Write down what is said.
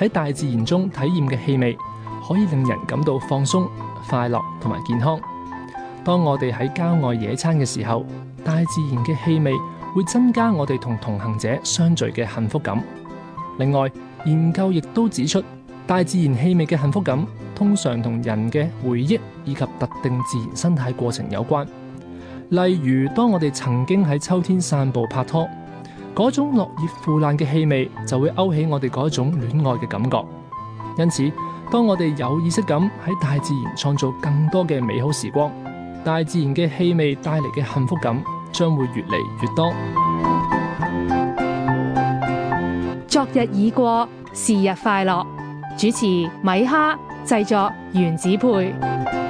喺大自然中體驗嘅氣味，可以令人感到放鬆、快樂同埋健康。當我哋喺郊外野餐嘅時候，大自然嘅氣味會增加我哋同同行者相聚嘅幸福感。另外，研究亦都指出，大自然氣味嘅幸福感通常同人嘅回憶以及特定自然生態過程有關。例如，當我哋曾經喺秋天散步拍拖。嗰種落葉腐爛嘅氣味就會勾起我哋嗰種戀愛嘅感覺。因此，當我哋有意識咁喺大自然創造更多嘅美好時光，大自然嘅氣味帶嚟嘅幸福感將會越嚟越多。昨日已過，是日快樂。主持米哈，製作原子配。